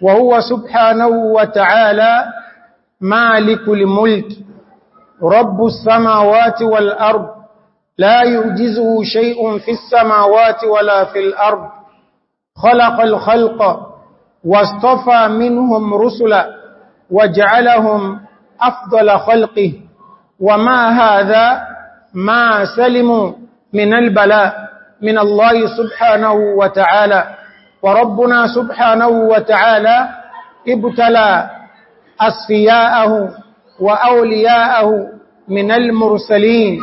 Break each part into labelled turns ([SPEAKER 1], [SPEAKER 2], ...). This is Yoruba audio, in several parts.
[SPEAKER 1] وهو سبحانه وتعالى مالك الملك رب السماوات والأرض لا يؤجزه شيء في السماوات ولا في الأرض خلق الخلق واصطفى منهم رسلا وجعلهم أفضل خلقه وما هذا ما سلموا من البلاء من الله سبحانه وتعالى وربنا سبحانه وتعالى ابتلى أصفياءه وأولياءه من المرسلين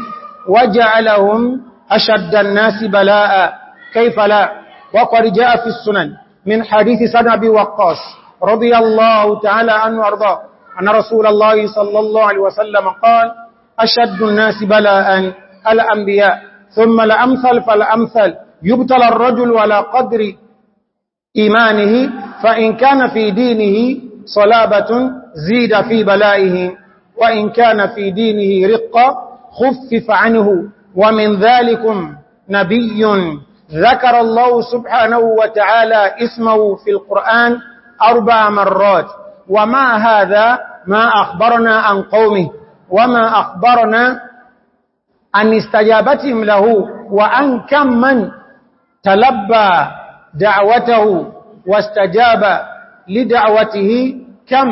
[SPEAKER 1] وجعلهم أشد الناس بلاء كيف لا وقد جاء في السنن من حديث سنة وقاص رضي الله تعالى عنه أرضى أن رسول الله صلى الله عليه وسلم قال أشد الناس بلاء الأنبياء ثم الأمثل فالأمثل يبتلى الرجل على قدر إيمانه فإن كان في دينه صلابة زيد في بلائه وإن كان في دينه رقة خفف عنه ومن ذلك نبي ذكر الله سبحانه وتعالى اسمه في القرآن أربع مرات وما هذا ما أخبرنا عن قومه وما أخبرنا عن استجابتهم له وأن كم من تلبى دعوته واستجاب لدعوته كم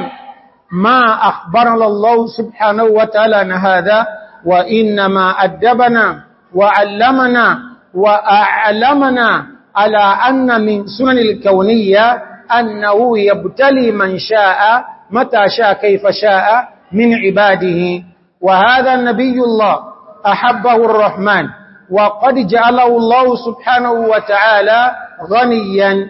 [SPEAKER 1] ما أخبرنا الله سبحانه وتعالى عن هذا وإنما أدبنا وعلمنا وأعلمنا على أن من سنن الكونية أنه يبتلي من شاء متى شاء كيف شاء من عباده وهذا النبي الله أحبه الرحمن وقد جعله الله سبحانه وتعالى غنيا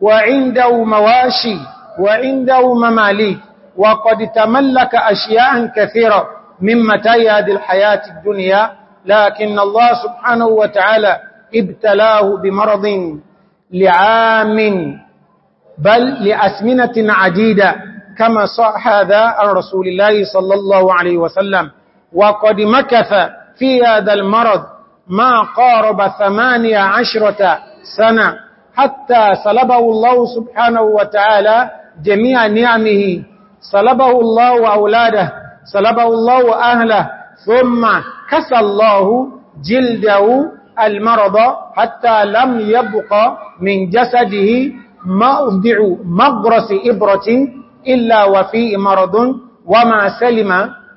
[SPEAKER 1] وعنده مواشي وعنده مماليك وقد تملك أشياء كثيرة من متي هذه الحياة الدنيا لكن الله سبحانه وتعالى ابتلاه بمرض لعام بل لأسمنة عديدة كما صح هذا الرسول الله صلى الله عليه وسلم وقد مكث في هذا المرض ما قارب ثمانية عشرة سنة حتى صلبه الله سبحانه وتعالى جميع نعمه صلبه الله أولاده صلبه الله أهله ثم كسى الله جلده المرض حتى لم يبق من جسده موضع مغرس إبرة إلا وفي مرض وما سلم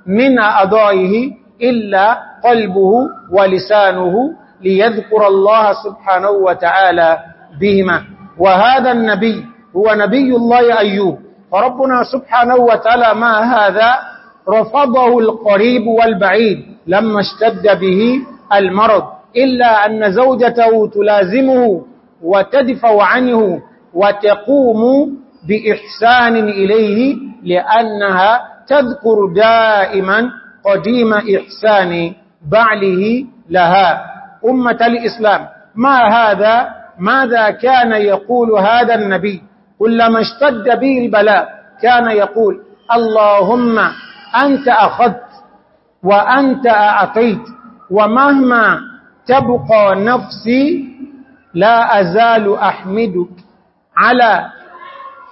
[SPEAKER 1] من أضائه إلا قلبه ولسانه ليذكر الله سبحانه وتعالى بهما وهذا النبي هو نبي الله أيوب فربنا سبحانه وتعالى ما هذا رفضه القريب والبعيد لما اشتد به المرض إلا أن زوجته تلازمه وتدفع عنه وتقوم بإحسان إليه لأنها تذكر دائما قديم إحسان بعله لها أمة الإسلام ما هذا ماذا كان يقول هذا النبي كلما اشتد به البلاء كان يقول اللهم أنت أخذت وأنت أعطيت ومهما تبقى نفسي لا أزال أحمدك على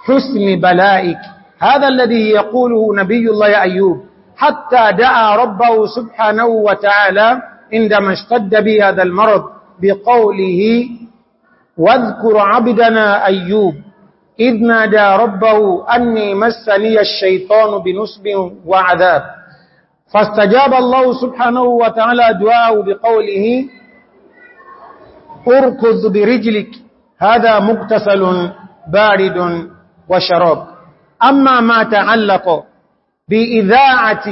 [SPEAKER 1] حسن بلائك هذا الذي يقوله نبي الله أيوب حتى دعا ربه سبحانه وتعالى عندما اشتد بي هذا المرض بقوله واذكر عبدنا أيوب إذ نادى ربه أني مسني الشيطان بنسب وعذاب فاستجاب الله سبحانه وتعالى دعاه بقوله اركض برجلك هذا مقتسل بارد وشراب أما ما تعلق بإذاعة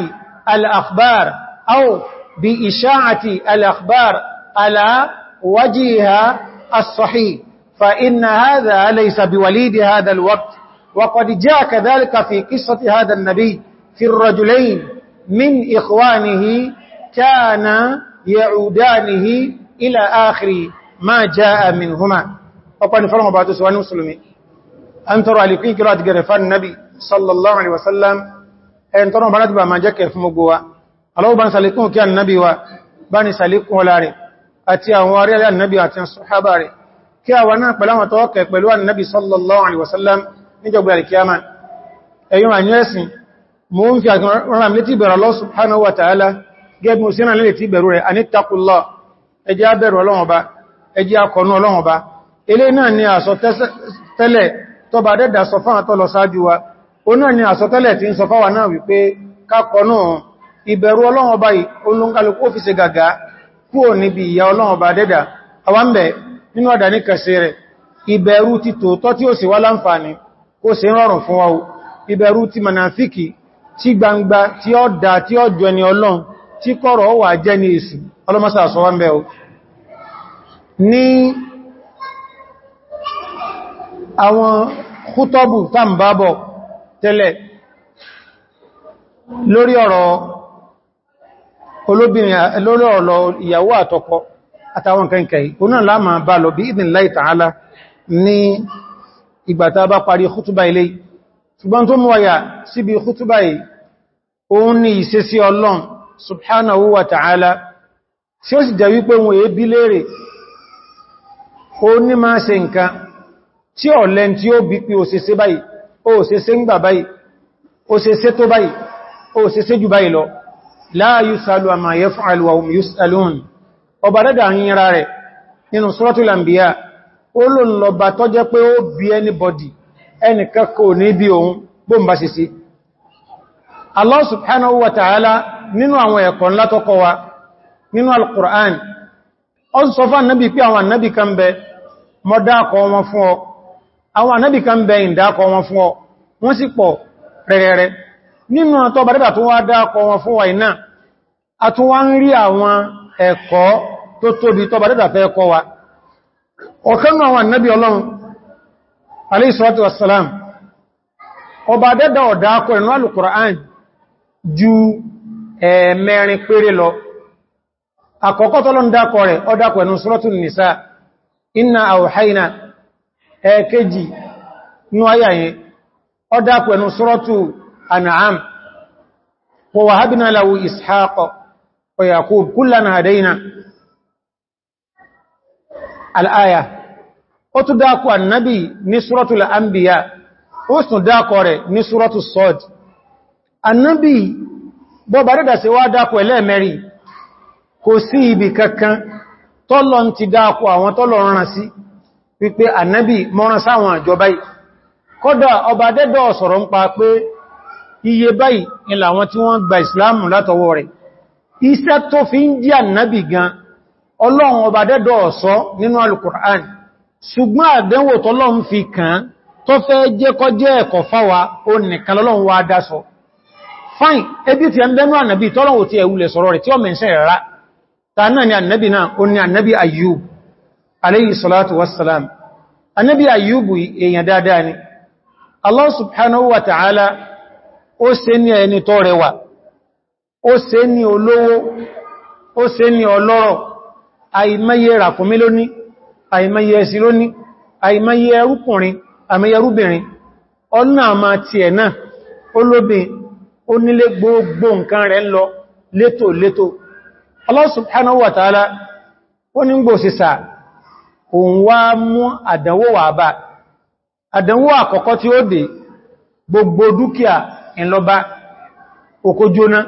[SPEAKER 1] الأخبار أو بإشاعة الأخبار على وجهها الصحيح فإن هذا ليس بوليد هذا الوقت وقد جاء كذلك في قصة هذا النبي في الرجلين من إخوانه كان يعودانه إلى آخر ما جاء منهما أقول فلما بعد سواني مسلمي أن ترى لكي كرات قرفان النبي صلى الله عليه وسلم أن ترى بنات بما جاء كيف مقوى Allah bá ń sàlékún kí annabi wa bá ní sàlékún ọlá rẹ̀ àti àwọn arí alẹ́ annabi àti ṣùhábà rẹ̀ kí a wà náà pẹ̀láwọn tọ́ọ̀kẹ̀ pẹ̀lú annabi sallallahu alaihi wasallam níjọba alkiyama ẹ̀yọ́ ma nyẹ́sìn mú ń fi àgbọ̀nrán létí bẹ̀rẹ̀ Allah subhanahu wa ni àsọtẹ́lẹ̀ tí ń sọ fáwọn náà wípé kákọ̀nú ìbẹ̀rù ọlọ́run ọba yìí olóńkálukú ó fi ṣe gàgá kúrò níbi ìyà ọlọ́run ọba dẹ́dà àwọ́m̀bẹ̀ nínú ọ̀dà ní kẹsẹ̀ rẹ̀ ìbẹ̀rù ti tòótọ́ tí ó sì wá láǹfààní ó sì rọrùn fún wa ìbẹ̀rù ti manafiki tí gbangba tí ó dá tí ó jọ ni ọlọ́run tí kọ̀rọ̀ wà jẹ́ ní èsì lórí ọ̀rọ̀ olóbìnrin lọ́lọ́ ìyàwó àtọkọ àtàwọn kẹ́kẹ́ oná láàmà bá lọ bí ìdìn láì tààlá ní ìgbàta bá parí khútúbà ilé ṣùgbọ́n tó múwàyà síbi khútúbà yìí òun ni ìṣesí Ọlọ́run subhanahu wa ta'ala tí ó sì jẹ́ wípé wọn èébí léèrè ó ní máa ṣe la yusalu ma yaf'al wa hum yusalun ọba dada yin ra rẹ̀ nínú suratul anbiya olun lo ba tó jẹ́ pé ó bi anybody ẹnìkan kò ní bí ohun bó ń bá ṣe sí Allah subhanahu wa ta'ala nínú àwọn ẹ̀kọ́ ńlá tó kọ́ wa nínú al-Qur'an ó wọ́n sì pọ̀ rẹ̀rẹ̀rẹ̀ nínú ọ̀tọ́ bàríbà tó wá dákọ wọn fún wa iná a tún wá ń rí àwọn ẹ̀kọ́ tó tóbi tọ́ bàríbà fẹ́ kọ́ wa ọ̀kanú àwọn annabi ọlọ́run alayhi salatu ọba dẹ́dà ọ̀dákọ ẹ̀nú alùkùrán ju ẹ̀mẹ́rin péré lọ àkọ́kọ́ tọ́lọ́n dákọ rẹ̀ nisa أنعام ووهبنا له إسحاق ويقول كلنا هدينا الآية وتداك النبي نسرة الأنبياء وتداك نسرة الصاد النبي ببردة سوادك ولا مري كسي بككا tọ́lọ ń ti dákọ̀ àwọn tọ́lọ rán sí wípé ànábì mọ́rán sáwọn àjọba kódà ọba dẹ́dọ̀ sọ̀rọ̀ ń pa pé iye báyìí ilẹ̀ àwọn tí wọ́n gba ìsìláàmù látọwọ́ rẹ̀ iṣẹ́ tó fi ń jí ànábì gan ọlọ́run ọba dẹ́dọ̀ ọ̀sọ́ nínú alukur'an ṣùgbọ́n àdẹ́wò tọ́lọ́run fi kàn tó fẹ́ jẹ́ kọ́ jẹ́ ẹ̀kọ́ fáwa ó nìkan lọ́lọ́run wá dásọ fine ebi ti ẹmbẹ́nú ànábì tọ́lọ́run ti ẹ̀wulẹ̀ sọ̀rọ̀ rẹ̀ tí ọ mẹ́ṣẹ́ rẹ̀ ta náà Allah subhanahu wa ta'ala ó se ní ẹni tó rẹwà ó ṣe ní olówó ó ṣe ní ọlọ́rọ̀ àìmẹ́yẹ ràkúnmí lóní àìmẹ́yẹ ẹsì lóní àìmẹ́yẹ ẹrùkùnrin àmà ti ẹ̀ náà olóbin ó nílé gbogbo nǹkan rẹ̀ ń lọ létò létò Allah mú àdánwò gbogbo dúkìá ìlọba oko jóná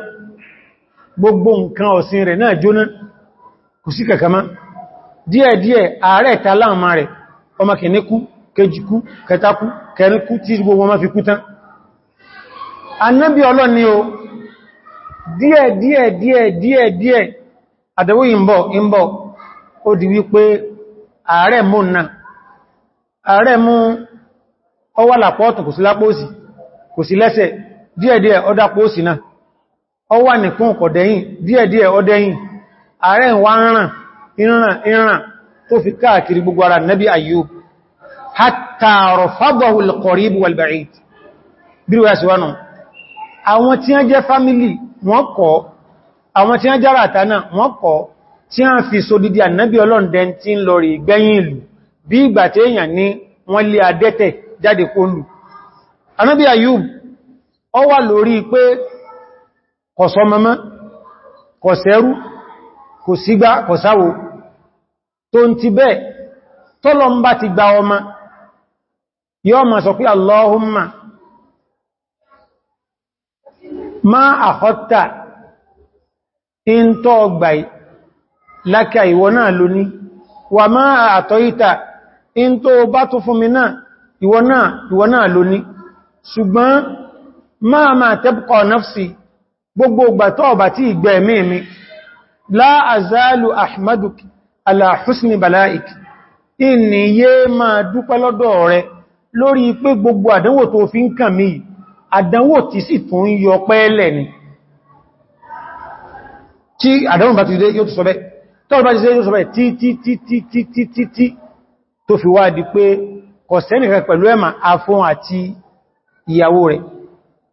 [SPEAKER 1] gbogbo nǹkan ọ̀sìn rẹ̀ náà jóná kò sí kàkàmá díẹ̀díẹ̀ ààrẹ ìta rẹ̀ ọmọ kẹ̀ẹ́kú kejìkú kẹtakú kẹrìnkú tí gbogbo ma fi kú anábí ọlọ́ni o ìmbọ̀ ìmbọ̀ ó di wípé ààrẹ mú náà ààrẹ mú ọwà kò sí kò sí lẹ́sẹ̀ díẹ̀díẹ̀ ọdá pósì náà ọ wà nìkún kọ̀dẹ̀yìn díẹ̀díẹ̀ ọdẹ́yìn ààrẹ ìwà ńràn ìràn ìràn tó fi káàkiri gbogbo ara nabi Ayyub hatta rafadahu al-qarib wal-ba'id àwọn tí wọ́n jẹ́ family wọ́n kọ̀ àwọn tí wọ́n jẹ́ rata náà wọ́n kọ̀ tí wọ́n fi so didi ànábí ọlọ́ndẹn tí bí ìgbà tí èèyàn ní wọ́n lé adẹ́tẹ̀ jáde kóòlù. ànábí Ayyub ọ wà lórí pé kọ̀sọ́ mọ́mọ́ kò sígbá kọ̀sáwò tó ń ti bẹ́ẹ̀ tọ́lọ ń bá ti gba ọmọ yọ́ ma sọ pé Allahumma ma àkọ́ta in tọ́ ọgbàí lákà ìwọ náà lóní wà máa àtọ́ ìta in tó bá tó fún mi náà ìwọ náà ṣùgbọ́n máa máa tẹ́bùkọ̀ náfsì gbogbo ìgbà tó bá ti ìgbẹ̀ mímí la azalu ahmaduki ala husni balaik inni yé máa dúpẹ́ lọ́dọ̀ rẹ lórí pé gbogbo àdánwò tó fi ń kàn mí àdánwò tí sì tún yọ pẹ́ẹ̀lẹ̀ ni tí àdánwò bá ti dé yóò tó sọ bẹ́ẹ̀ tọ́rọ bá ìyàwó rẹ̀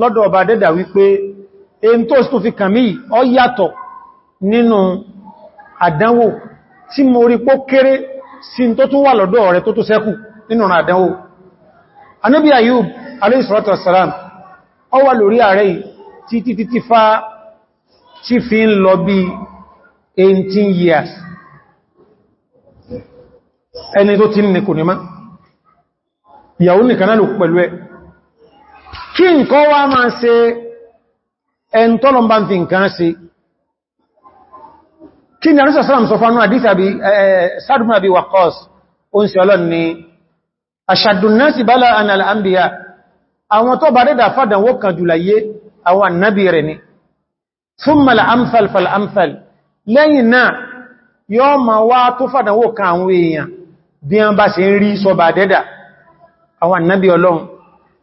[SPEAKER 1] lọ́dọ̀ ọba dẹ́dà wípé èyí tó sì tó fi kàmí ọ yàtọ̀ nínú àdánwò tí mo rí pó kéré sí tó tún wà lọ́dọ̀ rẹ̀ tó tó sẹ́kù nínú àdánwò anábí Ayub aléìsìrọ́tọ̀ fa tí fi ń years ẹni tó ti ní kò ní má ìyàwó nìkan lò pẹ̀lú ẹ̀ kí nǹkan wá máa ṣe ẹn tọ́lọ bá ń fi nǹkan ṣe kí ni àrísà sọ́rọ̀ sọ fánú àdísà bí sádùmà bí wàkọ́s o ń se ọlọ́n ni aṣàdùnnásì bálá anàlà àwọn tó bá dédà fàdánwó kan jùlayé àwọn annabi rẹ̀ ni amfal fal amfal lẹ́yìn náà yóò ma wá tó fàdánwó kan àwọn èèyàn bí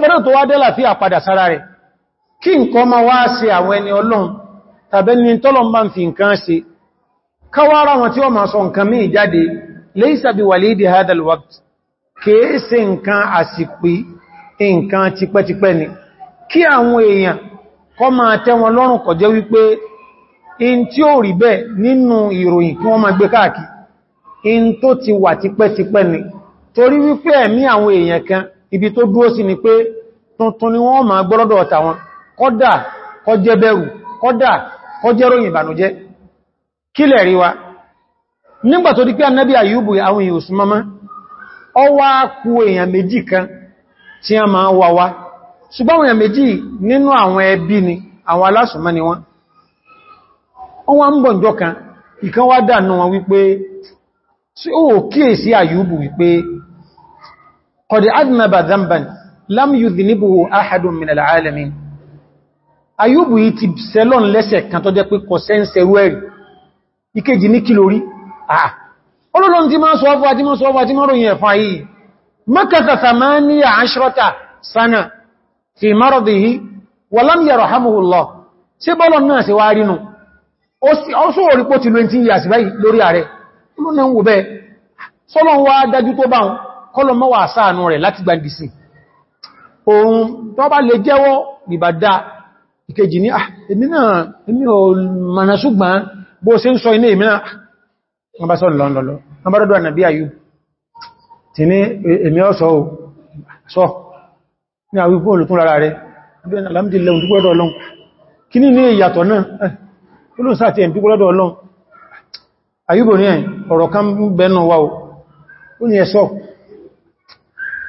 [SPEAKER 1] kọmọdé tó wá dẹ́là fí àpadà sára rẹ̀ kí nǹkan ma wá sí àwọn ẹni ọlọ́run tàbẹ́ ni tọ́lọm bá ń fi nǹkan ṣe káwàrá wọn tí wọ́n ma sọ nǹkan mí jáde laysa ni kí àwọn èèyàn kọ́ ma tẹ́ wọn lọ́rùn kò jẹ́ wípé in tí ó rí bẹ́ẹ̀ nínú ìròyìn kí wọ́n ma gbé káàkiri in tó ti wà tipẹ́tipẹ́ ni torí wípé ẹ̀mí àwọn èèyàn kan ibi tó dúró sí ni pé tuntun ni wọ́n máa gbọ́lọ́dọ̀ ọ̀tà wọn kọ́dà kọjẹ́ bẹ̀rù kọ́dà kọjẹ́ ròyìn ìbànújẹ́ kí lẹ̀ rí wa nígbà tó di ayubu àwọn èèyàn ọ kan tí a máa wà wá ikan ayubu wípé قد أذنب ذنبا لم يذنبه أحد من العالمين ayúbù yìí ti sẹ́lọ́n lẹ́sẹ̀ kan tó jẹ́ pé kò sẹ́ǹsẹ̀ rúẹ̀rì ìkejì ní kìlórí àà olóòlòun tí máa sọ́fọ́ àti máa sọ́fọ́ àti máa ròyìn ẹ̀fà yìí mẹ́kàtà sàmánìyà àṣírọ́ta sana fi márọ̀dìí wọ́lám yàrọ̀ hamuhullah sí bọ́lọ̀ náà sí wá rínú ó sọ orí pó ti lóyìn tí yà sí báyìí lórí ààrẹ olóòlòun wò bẹ́ẹ̀ sọ́lọ́n wá dájú tó báhùn kọlọmọ́ wà sáànú rẹ̀ láti gbàndìsìn ohun tó bá lè jẹ́wọ́ ìbàdá ìkejì ní àmìnà ah, èmi ò mọ̀nà ṣùgbọ́n bó ṣe ń sọ iné ìmìnà wọ́n bá sọ lọ́lọ́lọ́ wọ́n bá rọ́dọ̀ ànàbí ayú tí ní èmi ọ́ sọ sọ ní àwọn ipò olùkún lára rẹ̀ alhamdulillah eh, ọ̀rọ̀ kan bẹnu wa ó ní ẹ̀sọ́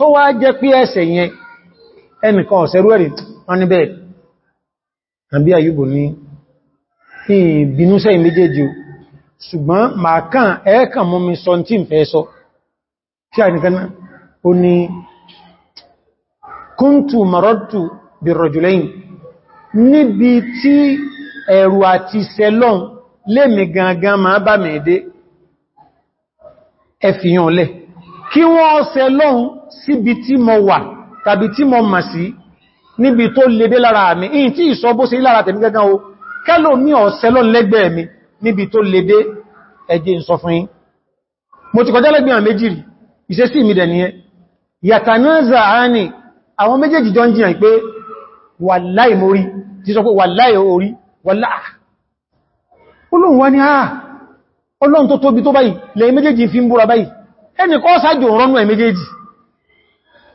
[SPEAKER 1] tó wá jẹ́ pé ẹsẹ̀ yẹn ẹnìkan ọ̀sẹ̀rú ẹ̀rì wọ́n ní bẹ́ẹ̀ àbí àyúbò ní ìbínúsẹ̀ méjèèjì ṣùgbọ́n màá kàn ẹ́ẹ̀kàn mọ́ mi sọ tí ń fẹ́ sọ tí a nìkan náà ó ní kúntù marọ́tù níbi tí ẹ̀rù àti sẹlọ́n lè mi gangan máa bá mẹ́ẹ̀dé ẹfihàn lẹ́ẹ̀ kí wọ́n ṣe lọ́hun síbi tí mo wà tàbí tí mo mà sí níbi tó lédé lára mi in tí ìsọ bó ṣe lára tẹ̀mí gẹ́gẹ́ o kẹ́lò ní ọ̀sẹ̀ lọ lẹ́gbẹ̀ẹ́ mi níbi tó lédé ẹjẹ́ ìsọ fún yín mo ti kọjá lẹ́gbẹ̀ẹ́ mi dẹ̀ nìyẹn yàtànáza àánì àwọn méjèèjì jọ ń jiyàn pé wàláì mórí ti sọ pé wàláì orí wàláà olóhun wá ní àà ah, ẹni kọ́ sáàjò rọ́nù ẹ̀ méjèèjì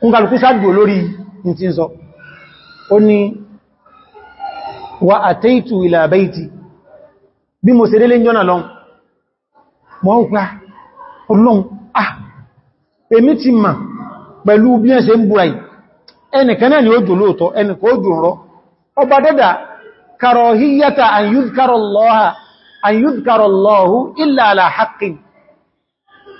[SPEAKER 1] ń galùkú sáàjò lórí ti wa àtẹ́ìtù ila bayti bí mo ṣe délé jọ́nà lọ́n mọ́ ọlọ́n ah èmi ti mà pẹ̀lú bí ẹ́ ṣe ń búra ẹnìkan náà ni rọ ọba dẹ́dà karọ̀híyàtà an illa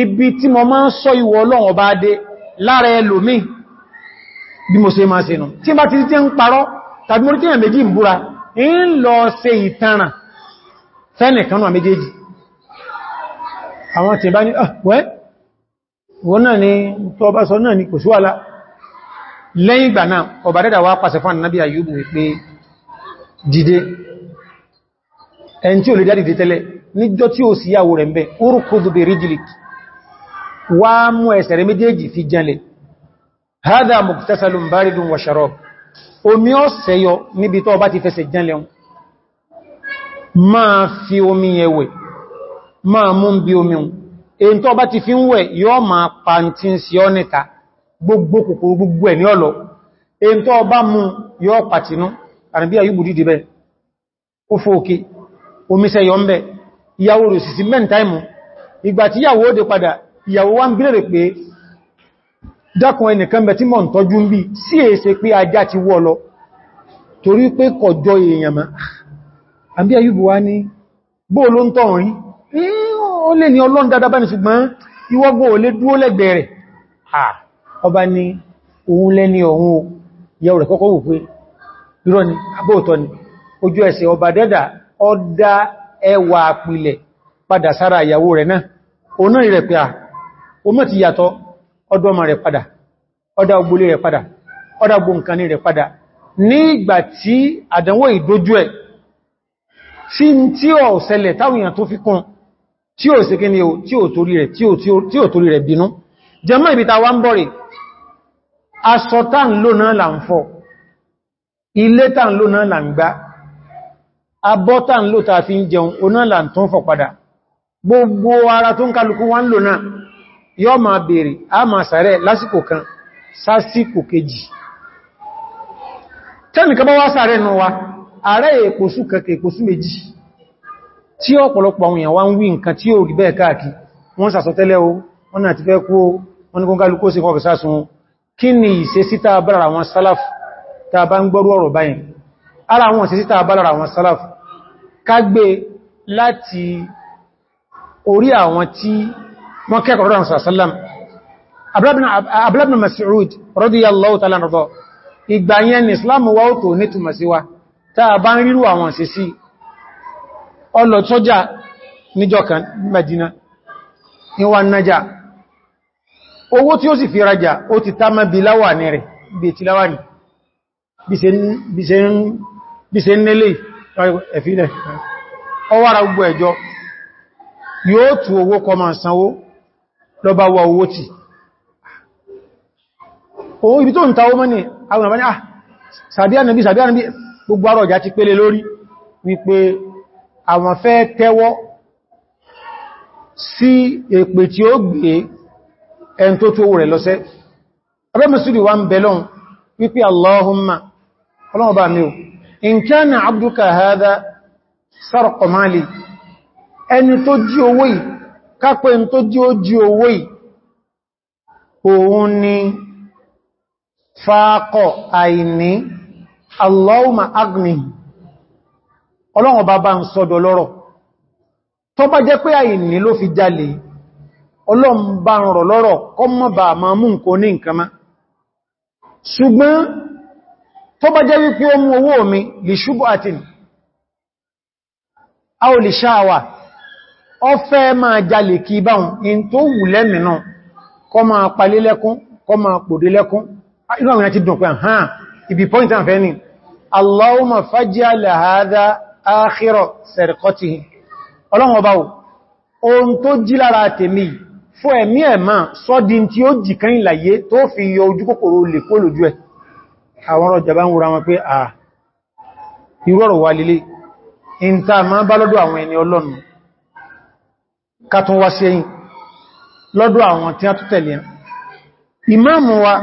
[SPEAKER 1] ibi tí mo máa ń sọ ìwọ̀ ọlọ́run ọba dé lára ẹlòmí bí mo ṣe máa ṣe nù tí bá ti tí ń parọ́ tàbí mo rí tí méjì ń búra ń lọ ṣe ìtanràn fẹ́nìkan náà àwọn tí ní ọ̀wẹ́ ah, wọ́n ni tó bá sọ ni kò sí wàhálà lẹ́yìn ìgbà náà ọba dẹ́dà wá pàṣẹ fún ànábì Ayúbù pé dìde ẹni tí ò lè dá dìde tẹ́lẹ̀ níjọ́ tí ó sì yàwó rẹ̀ ń bẹ́ orúkú dùbẹ̀ ríjìlìkì wá mú ẹsẹ̀ rẹ̀ méjèèjì fi jẹ́lẹ̀ hádà muktasalun baridun wa sharab omi ó sẹ́yọ níbi tó bá ti fẹsẹ̀ jẹ́lẹ̀ máa fi omi ẹwẹ̀ máa mú bí omi èyí tó bá ti fi ń wẹ̀ yóò máa pa tí ń sí ọ níta gbogbo kòkòrò gbogbo ẹ̀ ní ọ̀lọ́ èyí tó bá mú yóò pàtínú àrìbí àyíbù dìdì bẹ́ ó ìgbà tí ìyàwó ó padà ìyàwó wá ń bèèrè pé dákùn ẹnìkan bẹ̀ tí mọ̀ ń tọ́jú ń bí sí èsẹ pé ajá ti wọ́ lọ torí pé kọjọ èèyàn ma àbí ayúbù wá ní bóòló ń tọ̀rin ó lè ní ọlọ́run dáadáa bá ni òun lẹ́ni ọ̀hun o ìyàwó rẹ̀ kọ́kọ́ wò pé irọ́ ni abóòtọ́ ni padà sára ìyàwó rẹ̀ náà òun náà ọmọ ti yàtọ̀ ọdọ́ ọmọ rẹ̀ padà ọdá ogbólé rẹ̀ padà ọdá ogbó nǹkan ní rẹ̀ padà ní ìgbà tí àdánwò ìdójú ẹ̀ tí ń tí ó ṣẹlẹ̀ táwọn èèyàn tó fi kún tí ó ṣe kíni o tí ó torí rẹ̀ tí ó bínú gbogbo ara tó ń kálukú wá ń lò náà yọ ma bèèrè a ma sàárẹ̀ lásìkò kan sásìkò kejì tẹ́nìkan bá wá sàárẹ̀ nù wa ààrẹ èpòsù kẹkẹ èpòsù méjì tí ọ̀pọ̀lọpọ̀ àwọn èèyàn wá ń wí nǹkan tí ó rí bẹ́ẹ̀ káàkì wọ́n sàsọtẹ́lẹ̀ o wọ́n náà ti fẹ́ kú o wọ́n ní kọ́nkálukú sí kọ́kọ̀ sásun kí ni ìṣesí tá bára àwọn sálàf tá bá ń gbọ́rú ọ̀rọ̀ báyìí ara àwọn ìṣesí tá bára àwọn sálàf ká láti orí àwọn tí wọ́n kẹ́kọ̀ọ́ rán sàásálàm abúlábìnà Mas'ud radiyallahu ta'ala rọ̀dọ̀ ìgbà yẹn ni Islam wá ó tó ní túnmà sí wa táà bá ń rírù àwọn sí sí ọlọ̀ sọ́jà níjọ kan Madina ìwà nájà owó tí ó gbogbo ẹjọ́ yóò tù owó kọ máa sanwó lọ bá wọ owó tí òun ibi tó ń ta owó mọ́ni àwọn àbáyá ah, sàbíànàbí sàbíànàbí gbogbo àrọ̀ ọjà ti pélé lórí wípé àwọn fẹ́ tẹ́wọ́ sí èpè tí ó gbé ẹn tó tó rẹ̀ lọ́sẹ́ Allahumma ọlọ́ọ̀bá mi ò in kana abduka hadha mali ẹni tó jí owó yìí kápẹ́ ń tó jí ó jí owó òun ni fàákọ̀ àìní allahumma agni ọlọ́run bàbá ń sọ́dọ̀ lọ́rọ̀ tó bá jẹ́ pé àìní ló fi jalè ọlọ́run bá ń rọ̀ lọ́rọ̀ kọ́ mọ́ bà máa mú nǹkan ní nǹkan ṣùgbọ́n tó bá jẹ́ wípé ó mú owó mi lè a ò lè ọfẹ́ máa jalè kí báhùn in tó wù lẹ́mì náà kọ máa palé lẹ́kún kọ máa pòdé lẹ́kún inú àwọn àti dùn pé àhán ibi point and fẹ́ni Allahumma fajjal hadha akhira sarqatihi ọlọ́run ọba ohun tó jí lára tèmi fún ẹ̀mí ẹ̀mà sọ́dín tí ó jì kan ìlàyé tó fi yọ ojú kòkòrò lè wà lílé ìntà máa bá lọ́dọ̀ àwọn ẹni ọlọ́run kàtún wá sí ẹ̀yìn lọ́dọ̀ àwọn tí a tó tẹ̀lé wa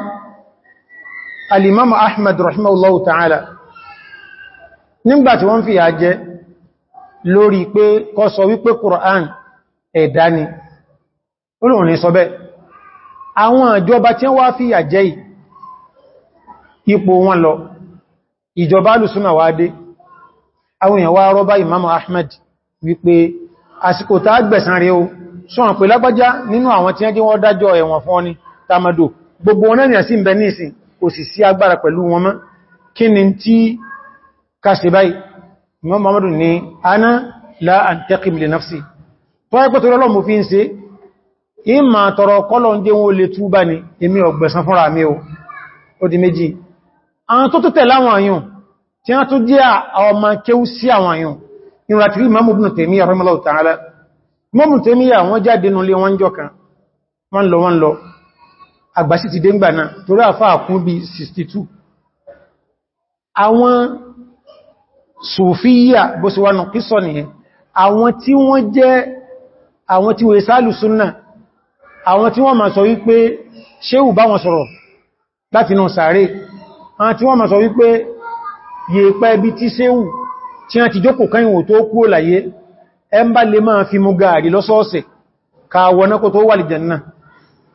[SPEAKER 1] alìmáàmù Ahmad rahimahullahu ta'ala nígbàtí wọ́n fi yà jẹ lórí pé kó sọ wípé ẹ̀dá ni olóhun ní sọ bẹ́ àwọn ìjọba tí wá fi yà jẹ ipò wọn lọ ìjọba alùsúnà wá dé àwọn èèyàn wá rọ́bá Ahmad wípé àsìkò tàà gbẹ̀sàn rí o ṣọ́n pè lágbájá nínú àwọn tí wọ́n jẹ́ wọ́n dájọ́ ẹ̀wọ̀n fún ọni tamado gbogbo wọn náà sí ń bẹ ní ìsìn kò sì sí agbára pẹ̀lú wọn mọ́ kí ni tí kàṣẹ báyìí Muhammadu ana la antaqim nafsi tó ẹ́ pẹ̀tọ́ lọ́lọ́ mú fi ń ṣe ìmà tọrọ kọ́lọ̀ ń jẹ́ wọn lè túbá ni èmi ọgbẹ̀sán fúnra mi o wọ́n tó jẹ́ àwọn àyùn ìrìnàtírí Imam Ibn Taymiyyah rahimahullahu ta'ala Imam Ibn Taymiyyah wọ́n jáde nulé wọ́n jọ kan wọ́n lọ wọ́n lọ àgbàsí ti dé ń gbà náà torí àfá àkún bí 62 àwọn Sufiyya bó sì wánà kìsọ nìyẹn àwọn tí wọ́n jẹ́ àwọn tí wọ́n sálù súnnà àwọn tí wọ́n ma tí a ti jókò káyìnwò tó kú láyé ẹn bá lè máa fi mú gààrí lọ́sọ́ọ̀sẹ̀ kàwọná kò tó wà lè jẹ̀nà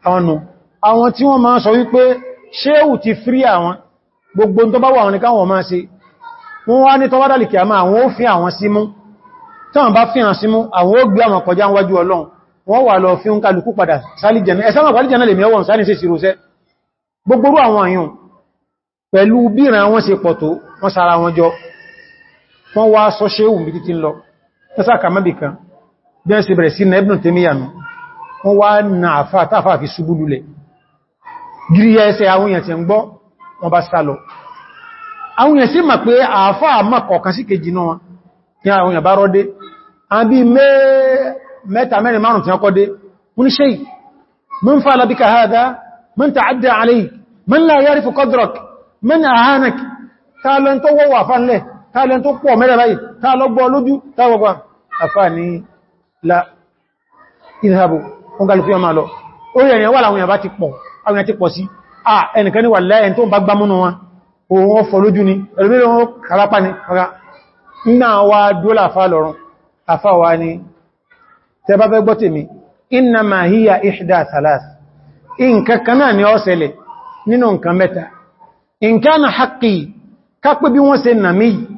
[SPEAKER 1] àwọn àwọn tí wọ́n máa sọ wípé ṣéhù ti fírí àwọn gbogbo tó bá wà wọn ní káwọn máa ṣe wọ́n wá ní tọ́wá dàlìkì àmà àwọn ó fi àwọn símú tán bá fi hàn símú àwọn ó gbé àwọn kọjá wájú ọlọ́run wọ́n wà lọ fi ń kálukú gbogbo àwọn àyùn pẹ̀lú bí wọn ṣe pọ̀ tó wọ́n sára wọn jọ wọ́n wá sọ ṣéhùn bí títí lọ tẹ́sà kàmẹ́bì kan bí ẹ́ sì bẹ̀rẹ̀ sí nẹ́bùn tẹ́míyànú wọ́n wá na àfà tàfà fi ṣubú lulẹ̀ gíríyà ẹsẹ̀ àwọn èèyàn ti ń gbọ́ wọ́n bá sálọ àwọn èèyàn sì mà pé àfà àmà kọ̀ọ̀kan sí kejì náà ní àwọn èèyàn bá rọ́dé àbí mẹ́ta mẹ́rin márùn tí wọ́n kọ́ dé من لا يعرف قدرك من أهانك تعالى أنت ووافا له tààlẹ̀ tó pọ̀ mẹ́rẹ̀ báyìí tààlọ́gbọ́ lójú tààgbọ́gbà àfà ní la ìdàbò ọgbàlùkú ya máa lọ orí ẹ̀yẹn wà láwọn ìyàbá ti pọ̀ àwọn ti pọ̀ sí à ẹnìkan ní wà lẹ́yìn tó ń bá gbámúnú wọn òun ọ̀fọ̀ lójú ni ẹlòmíràn wọn karapa ni ara iná wa dólà àfà lọ́rùn àfà wa ni tẹ bá fẹ́ gbọ́ tèmi inna ma bí wọ́n ṣe nàmí yìí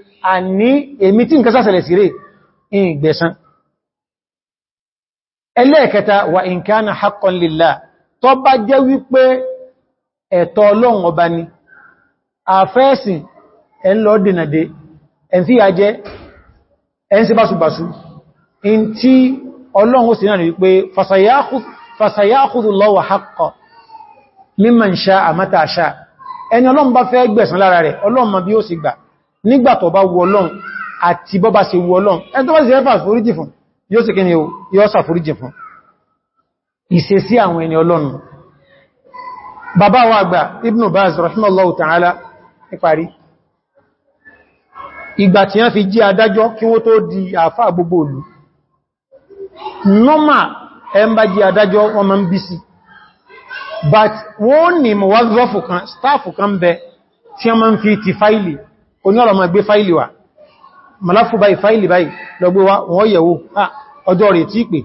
[SPEAKER 1] a ní èmi tí nǹkan sásẹ̀lẹ̀ sí rẹ̀ in gbẹ̀san ẹlẹ́ẹ̀kẹta wà in kana haqqan lillah tó bá jẹ́ wípé ẹ̀tọ́ ọlọ́run ọba ni àfẹ́ẹ̀sìn ẹn lọ dìnàdé ẹn fi àjẹ́ ẹn sí básubàsú in tí ọlọ́run sí náà ni wípé fasayakhudhullahu haqqa mimman sha'a mata sha'a ẹni ọlọ́run bá fẹ́ gbẹ̀san lára rẹ̀ ọlọ́run bí ó sì gbà nígbàtọ̀ bá wọlọ́n àti bọ́ bá ṣe wọlọ́n ẹni tó bá ṣe ẹ́fà foríjì fún yóò sì kíni yóò sàforíjì fún ìṣesí àwọn ẹni ọlọ́run bàbá wa àgbà Ibn Baz rahimahullahu ta'ala níparí ìgbà tí wọ́n fi jí adájọ́ kí wọ́n tó di but wọ́n ni mọ̀wá zọ́fù kan staff kan bẹ ń fi ti fáìlì oníọ̀rọ̀ ma gbé fáìlì wa màláfù báyìí fáìlì báyìí lọ́gbé wa wọ́n yẹ̀wò ah, ọjọ́ rẹ̀ tí pè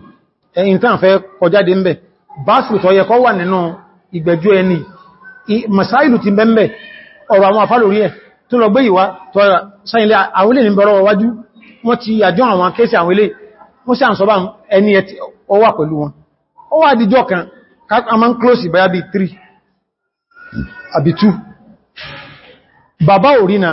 [SPEAKER 1] ẹ̀yìn tàn fẹ́ kọjáde ń bẹ̀ báṣù tọ́ yẹ kọ́ wà nínú ìgbẹ̀jú ẹni masáìlù ti bẹ́m̀bẹ̀ ọ̀rọ̀ àwọn afálórí ẹ̀ tó lọ gbé a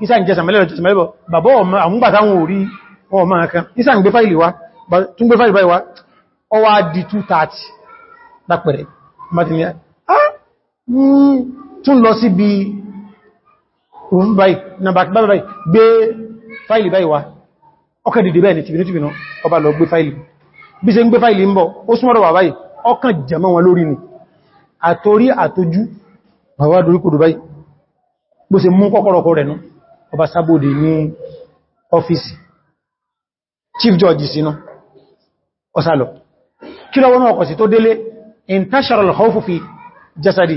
[SPEAKER 1] isa ń jẹ sàmẹ́lẹ̀lọ jẹ sàmẹ́lẹ̀bọ̀ bàbọ́ ọmọ àmúgbà táwọn orí ọmọ kan isa ń gbé fáìlì wá tún gbé fáìlì báyìí wá ó wá di 230 lápẹ̀rẹ̀ martinia tún lọ sí bí gbé fáìlì báyìí wá ọkàn dìde ni tìbínútìbínú ọba lọ gbé fáìlì bí ṣe ń gbé fáìlì ń bọ̀ ó súnmọ́rọ̀ wà báyìí ọkàn jẹmọ́ wọn ni àtorí àtojú bàwádórí kòdò báyìí bó ṣe mú kọ́kọ́rọ́kọ́ rẹ̀ nú ọba sábòdì ní ọ́fíìsì chief george sínú ọsàlọ̀ kí lọ wọ́n ọkọ̀ sí tó délé intasharal khawfu fi jasadi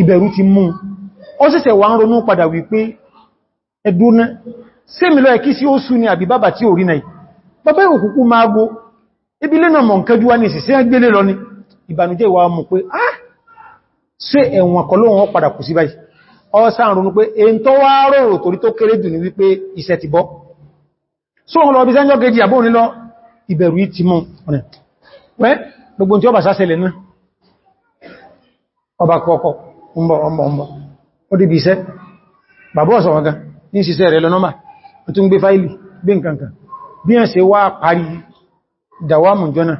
[SPEAKER 1] ìbẹ̀rù ti mú ó ṣẹ̀ṣẹ̀ wà ń ronú padà wípé ẹdúnná sí mi lọ ẹ̀kí sí ó sú ni àbí bàbá tí ò rí náà bàbá ìwòkúkú máa gbó ibi lẹ́nà mọ̀ nkẹjú ní ìsìsẹ́ gbélé lọ ni ìbànújẹ́ ìwà mú pé ah ṣe ẹ̀wọ̀n kọlọ́wọ́n padà kù sí báyìí ọ́sàn ronú pé èyí tó wá rọrùn torí tó kéré jù ní wípé iṣẹ́ ti bọ́ so ọ̀nà ọbí sẹ́jọ́ kejì àbó nílọ ìbẹ̀rù ìtì mọ́ ọ̀nà wẹ́ gbogbo tí ó bà sásẹlẹ̀ náà ọba kọ́kọ́ ọmọ ọmọ ọmọ ó dìbì iṣẹ́ bàbá ọ̀sọ̀ wọn gan ní ṣiṣẹ́ rẹ̀ lọ́nà ó tún gbé fáìlì gbé nǹkankan bí ẹ̀ ṣe wá parí dàwámù jọna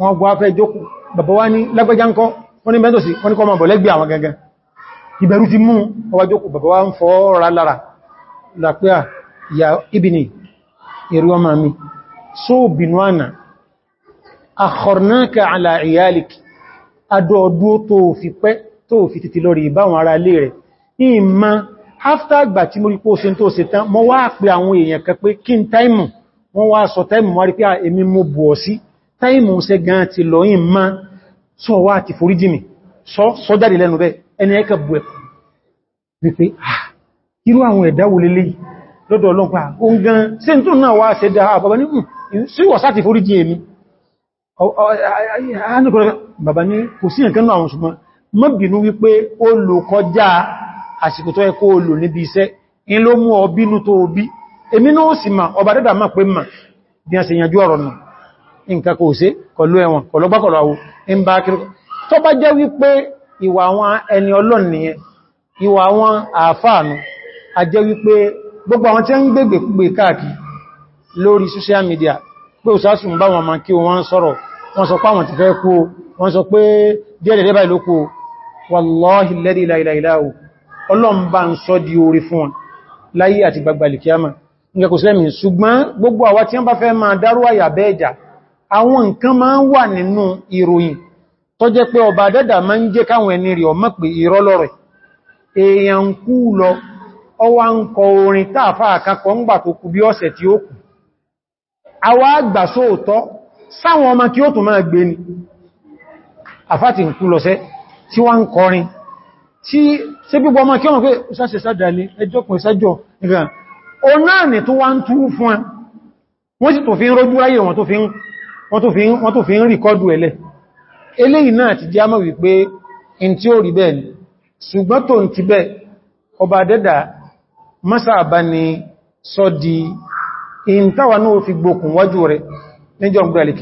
[SPEAKER 1] wọn gbọ́ afẹ́ jókòó ìbẹ̀rù ti mú ọwájókù bàbá wá ń fọ́ ra lára lápẹ́à ìyà ibini ìrú ọmọ mi so binu ana akharnaka ala iyalik adọ́ọ̀dú tó fi pẹ́ tó fi títí lórí ìbáwọn ara lé rẹ̀ ìmá after àgbà tí mo rí pósí tó ṣe tán mọ́ wá pé àwọn èèyàn kan pé kí n táìmù wọ́n wá sọ táìmù wá rí pé èmi mo bù ọ̀ sí táìmù ṣe ti lọ ìmá sọ wá ti foríjì mi sọ jáde lẹ́nu bẹ́ẹ̀ ẹni ẹkẹ bú ẹ̀kù wípé irú àwọn ẹ̀dá wo lélé lọ́dọ̀ ọlọ́pá oǹgan sí tó náà wá ṣe dáa bàbá ní sí wọ̀ sáti forí jí èmi bàbá ní kò sí ẹ̀kan náà àwọn ṣùgbọ́n má bínú wípé ó lò kọjá àsìkò tó ẹkọ́ ó níbi iṣẹ́ in mú ọbínú tó bí èmi náà sì ma ọba dẹ́dà máa pé mà bí a sì yànjú ọ̀rọ̀ náà nǹkan kò sí kọlu ẹ̀wọ̀n kọlọgbákọlọ àwọ̀ ń bá kírò tó jẹ́ wípé ìwà àwọn ẹni ọlọ́n nìyẹn ìwà àwọn àfáànù a jẹ́ wípé gbogbo àwọn tí ń gbègbè pè káàkiri lórí social media pé òsásùn bá wọn ma kí wọ́n sọ̀rọ̀ wọ́n sọ pé àwọn ti fẹ́ kú wọ́n sọ pé díẹ̀dẹ̀dẹ̀ báyìí ló kú di orí fún wọn láyé àti gbagbàlì kíyàmà ní kò sílẹ̀mì ṣùgbọ́n gbogbo àwa tí wọ́n bá fẹ́ máa dárú àyàbẹ́ ẹ̀jà àwọn nǹkan máa ń wà nínú tó jẹ́ pé ọba dẹ́dà máa ń jẹ́ káwọn ẹni rí ọmọ pé irọ́ lọ́rọ̀ èèyàn ń kú lọ ọwá ń kọ orin tààfà àkàkọ́ ń gbà tó kú bí ọ̀sẹ̀ tí ó kù àwa àgbà sóòtọ́ sáwọn ọmọ kí ó tún máa gbé ni àfáàtì ń kú lọ sẹ́ tí wá ń kọrin tí sí gbogbo ọmọ kí wọ́n pé sáṣẹ sádà ẹjọ́ kùn ìsájọ́ ìgbàn o náà nì tó wá ń tú fún wọn sì tó fi ń rójú ráyè wọn tó fi ń rìkọ́dù ẹ̀lẹ́ eléyìí náà ti jámọ̀ wípé in tí ó rí bẹ́ẹ̀ ni ṣùgbọ́n tó ń ti bẹ́ẹ̀ ọba dẹ́dà mọ́sàbá ni sọ di in táwà náà fi gbókùn wájú rẹ̀ níjọ́ gbẹ̀lì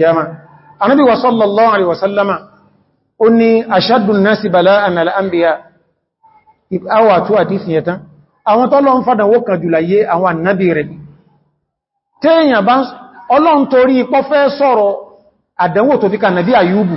[SPEAKER 1] wa sallallahu alaihi wasallama ó ní ashaddu an-nasi bala'an al-anbiya àwà tó àdísì yẹta àwọn tọ́lọ ń fàdàwó kan jùlàyé àwọn annabi rẹ̀ tẹ́yìn àbá ọlọ́n torí pọ́fẹ́ sọ̀rọ̀ àdánwò tó fi kànàbí àyúbù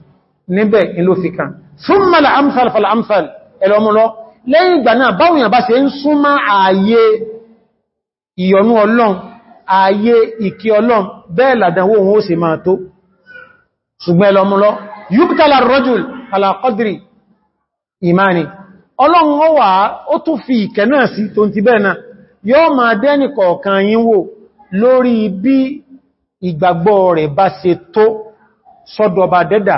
[SPEAKER 1] níbẹ̀ ìlò fi kàn súnmọ̀lá amsal fàlá amsal ẹlọ́mọ́lọ́ lẹ́yìn ìgbà náà báwòyàn bá ṣe ń súnmọ́ ààyè ìyọnú ọlọ́n ààyè ìkí ọlọ́n bẹ́ẹ̀ làdánwò wọn ó sì máa tó ṣùgbọ́n ẹlọ́mọ́lọ́ yúbítàlá rọ́jùl alákọ́dìrì ìmáni ọlọ́run ó wà ó tún fi ìkẹ́ náà sí ìgbàgbọ́ rẹ̀ bá ṣe tó sọ́dọ̀ bá dẹ́dà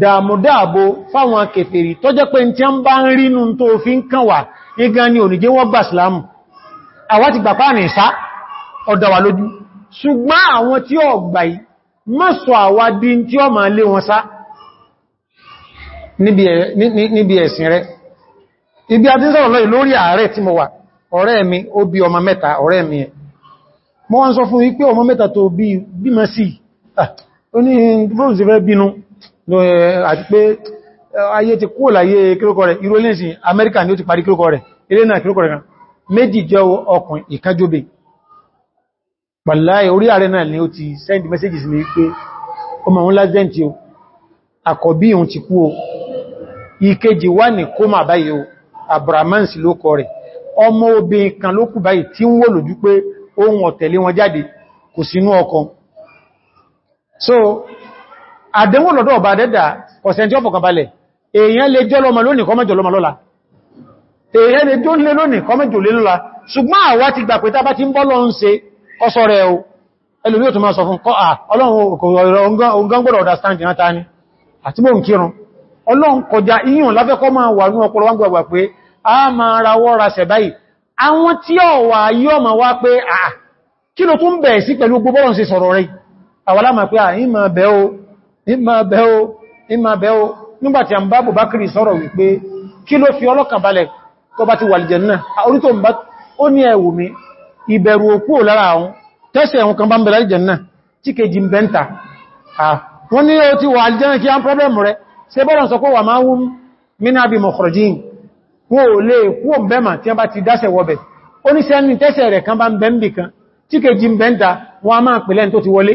[SPEAKER 1] dàmúdàbò fáwọn kèfèrí tó jẹ́ pé tí a ń bá ń rínú tó fi ń kàn wà igan ni òníjẹ́ wọ́n gbà sílámù àwa ti gbàpá ní ìsá ọ̀dàwà lójú ṣùgbọ́n àwọn tí ó di tí ó máa lé wọn sá níbi ẹ̀sìn rẹ̀ ibi a ti sọ̀rọ̀ lọ́yìn lórí ààrẹ tí mo wà ọ̀rẹ́ mi ó bí ọmọ mẹ́ta ọ̀rẹ́ mi ẹ̀ mo wọ́n sọ fún wípé ọmọ mẹ́ta tó bí mọ́ ah oní ìgbóhùn sí fẹ́ bínú àti pé ayé ti kúrò láyé kírókọ rẹ̀ ìrólẹ́sìn Amẹ́ríkà ni ó ti parí kírókọ rẹ̀ ilé náà kírókọ rẹ̀ kan méjì jẹ́ ọkùn ìkájóbe pàláyé orí ààrẹ náà ni ó ti send messages ní pé ọmọ òun lásdẹ́ntì o àkọ́bí òun ti kú o ìkejì wà ní kómà báyìí o abramans ló kọ rẹ̀ ọmọ obìnrin kan ló kù báyìí tí ń wò lójú pé ohun ọ̀tẹ̀lé wọn jáde kò sínú ọkọ so àdéhùn lọ́dọ̀ ọba dẹ́dà ọ̀sẹ̀ tí ó fọ̀kàn balẹ̀ èèyàn lè jọ́ lọ́mọ lónìí kọ́mẹ́jọ lọ́mọ lọ́la èèyàn lè jọ́ lé lónìí kọ́mẹ́jọ lé lọ́la ṣùgbọ́n àwa ti gbà pé bá ti ń bọ́ lọ́n ṣe kọ́sọ́ rẹ̀ o ni àti bóhùn kírun ọlọ́run kọjá iyùn láfẹ́ kọ́ máa wà ní ọpọlọ wọn gbàgbà pé a máa ra wọ́ra sẹ̀ báyìí àwọn tí ó wà yí ọmọ wá pé à kí ló tún bẹ̀ẹ̀ sí pẹ̀lú gbogbo bọ́lọ̀ sí sọ̀rọ̀ rẹ̀ àwọlá máa pé à ń máa bẹ̀ o ìmà bẹ́ o nígbàtí a ń bá bùbákìrì sọ̀rọ̀ wípé kí ló fi ọlọ́kàn balẹ̀ tó bá ti wà lìjẹ̀ náà orí tó ń bá ó ní ẹ̀wù mi ìbẹ̀rù òkú lára àwọn tẹ́sẹ̀ ẹ̀wọ̀n kan bá ń bẹ̀rẹ̀ lìjẹ̀ náà tí kejì ń bẹ́ntà wọ́n ní ó ti wà a bá ti dáṣẹ̀ wọ́bẹ̀ ó ní sẹ́ni tẹ́sẹ̀ rẹ̀ kan bá ń bẹ́m̀bì kan tí kejì ń bẹ́ntà wọ́n a máa pèlẹ́ tó ti wọlé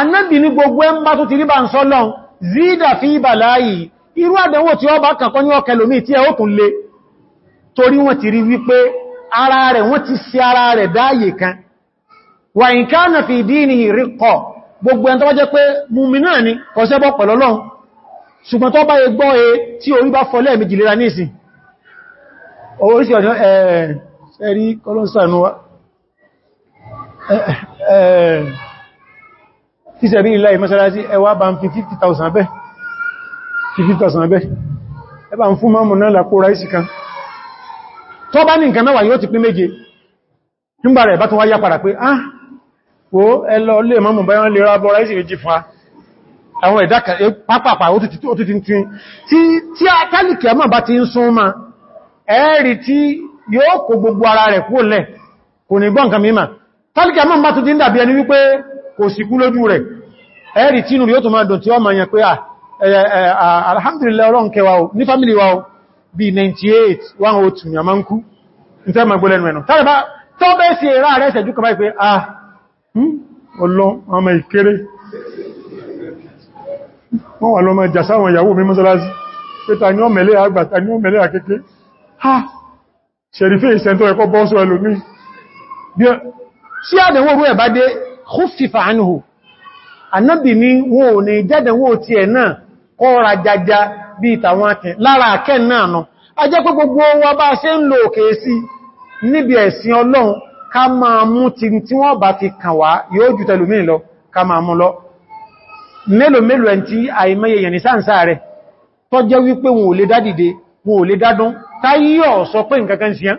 [SPEAKER 1] anábì ni gbogbo ẹ ń tó ti rí bá ń sọ́lọ́ zídà fi ìbàláyì irú àdánwò tí bá kàkọ́ ní ọkẹlòmí tí ẹ ó tún lé torí wọ́n ti rí wípé ara rẹ̀ wọ́n ti sí ara rẹ̀ dáyè kan wà ń ká fi dí ní kọ gbogbo ẹn tó jẹ́ pé náà ni tí sẹ̀bí ilá ìmọ́sálásí ẹwà bá ń fi 50,000 bẹ́ 50,000 bẹ́ ẹbà ń fún mọ́mù náà lápò ráìsì kan tó bá ní nǹkan mẹ́wàá yóò ti pín méje nígbà rẹ̀ bá tún wáyá padà pé ah wo ẹlọ lè mọ́mù bá yán lè ra bọ́ ráìsì méjì fún eh, ti bá ti ń sún ma ẹ̀ẹ́rì tí yóò kó gbogbo ara rẹ̀ kúrò lẹ̀ kò ní gbọ́n kan tún ti dàbí ẹni wípé kò sì kú lójú rẹ̀ ẹ̀rì tínú rí ó tó máa dùn tí ó máa yẹn pé ah, alhamdulillah ọlọ́run kẹwàá ní fámílì wa bí 98 ni a máa ń kú ní tẹ́ máa gbọ́lẹ́nu ẹ̀nà tàbí tó bẹ́ sí ẹ̀rá rẹ̀ ṣẹ̀jú kan báyìí ah hmm, ọlọ́run ọmọ ìkéré wọ́n wà lọ́mọ ìjà sáwọn ìyàwó mi mọ́sálásí pé ta ní ọmọlẹ́ àgbà ta ní ọmọlẹ́ àkéké ha ṣẹ̀rífẹ́ ìṣẹ́ntọ́ ẹ̀kọ́ bọ́ọ̀sọ̀ ẹlòmí sí àdẹ̀wò orú ẹ̀bá dé kúfìfà ánìhù annabi ni wọ́n ò ní jẹ́dẹ̀ wọ́n ti ẹ̀ náà kọ́ra jaja bi ìtàwọn akẹ́ lára akẹ́ náà nà a jẹ́ pé gbogbo wa bá ṣe ń lò òkè sí níbi ẹ̀sìn ọlọ́run ká máa mú ti tí wọ́n bá fi kàn wá yóò jù tẹlùmí lọ ká máa mú lọ mélòó mélòó ẹn tí àìmẹ́yẹ yẹ̀ ní sáǹsá rẹ̀ tó jẹ́ wípé wọn ò lè dádìde wọn ò lè dádún táyíọ̀ sọ pé nǹkankan sí yán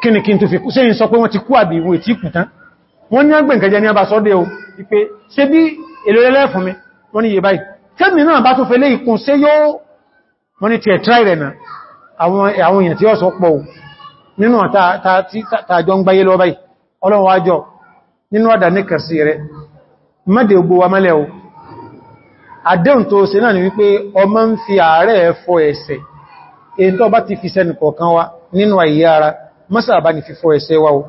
[SPEAKER 1] kíni kí n tó fi kú sí ń sọ pé wọ́n ti kú àbí ìwò ìtí kù tán wọ́n ní agbẹ̀ nǹkan jẹ ní abasọ́dẹ̀ o wípé ṣe bí èlò ẹlẹ́ fún mi wọ́n ní yẹ báyìí tẹ́mì náà bá tó fẹ́ lé ikun ṣe yóò wọ́n ní ti ẹ̀tí náà àwọn èèyàn tí ó wa mẹ́lẹ̀ o àdéhùn tó ṣe náà ni wípé ọmọ ń fi àárẹ̀ fọ ẹ̀sẹ̀ èyí ara mọ́sà bá ní fífọ́ ẹsẹ̀ wáwó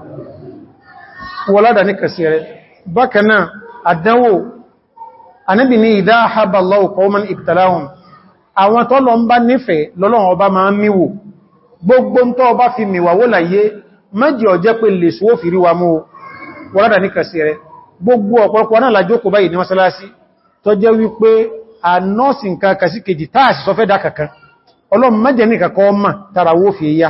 [SPEAKER 1] wọ́ládà ní kàsí rẹ̀ bákaná àdánwò anábì ní ìdá àhábàláwò qawman ibtalahum àwọn tọ́lọ ń bá nífẹ̀ẹ́ lọ́lọ́run ọba máa ń míwò gbogbo tó ọba fi mìwàwó láyé mẹ́jì ọjẹ́ pé lè ṣòwò fi rí wa mú wọ́ládà ní kàsí rẹ̀ mẹ́jẹ̀ ní kàkọ́ ọmọ tàràwó fi yá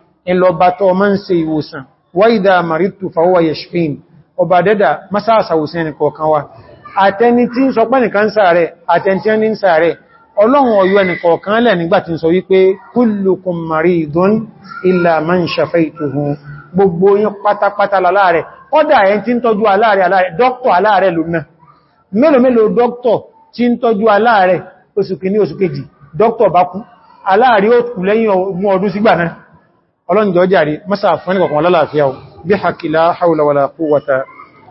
[SPEAKER 1] ìlọba tó ọmọ ń ṣe ìwòsàn wáìdá maritu fàwọ́ yashfin ọba dẹ́dà masáàsàwòsàn ẹnìkọ̀ọ̀kan wa àtẹni tí ń sọ pẹ́ nìkan sàárẹ̀ àtẹni tí ń sàárẹ̀ ọlọ́run ọ̀yọ́ ẹnìkọ̀ọ̀kan lẹ̀ nígbà tí ń sọ wípé kullukum maridun illa man shafaituhu gbogbo yín pátápátá láàrẹ̀ kọ́dà ẹ̀ tí ń tọ́jú aláàrẹ̀ aláàrẹ̀ dọ́kọ̀ aláàrẹ̀ lónà mélòó mélòó dọ́kọ̀ tí ń tọ́jú aláàrẹ̀ oṣù kìíní oṣù kejì dọ́kọ̀ bá kú ó kù lẹ́yìn ọdún sígbà náà ọlọ́njọ́ jàrí mọ́sá fún ẹnìkọ̀kan wọ́n lálàáfíà bí hakila haula wala quwwata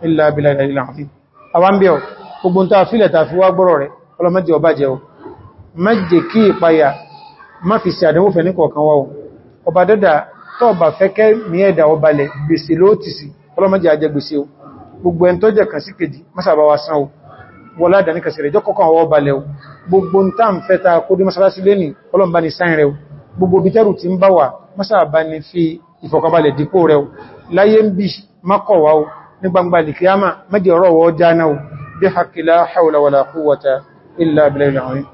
[SPEAKER 1] illa billahi ilẹ̀ àti àwọn bí ọ gbogbo ta fílẹ̀ ta fi wá gbọ́rọ̀ rẹ̀ ọlọ́mọ́dé ọba jẹ́ ọ mẹ́jẹ kí ìpayà má fi sí àdánwò fẹ́ nìkọ̀ọ̀kan wá ọba dẹ́dà tó ọba fẹ́kẹ́ miẹ́dà ọba lẹ̀ gbèsè ló ti sí ọlọ́mọ́dé ajẹ́ gbèsè o gbogbo ẹn tó jẹ́ kan sí kejì gbogbo bí tẹ́rù ti ń bá wà mọ́sàbá ní fi ìfọ̀kànbalẹ̀ dípò rẹ̀ láyé ń bí makọ̀wà ní gbangba lìkíyàmà mẹ́jẹ̀ ọ̀rọ̀ wọ́ jáná bí hakila haula wala quwwata illa billahi al-azim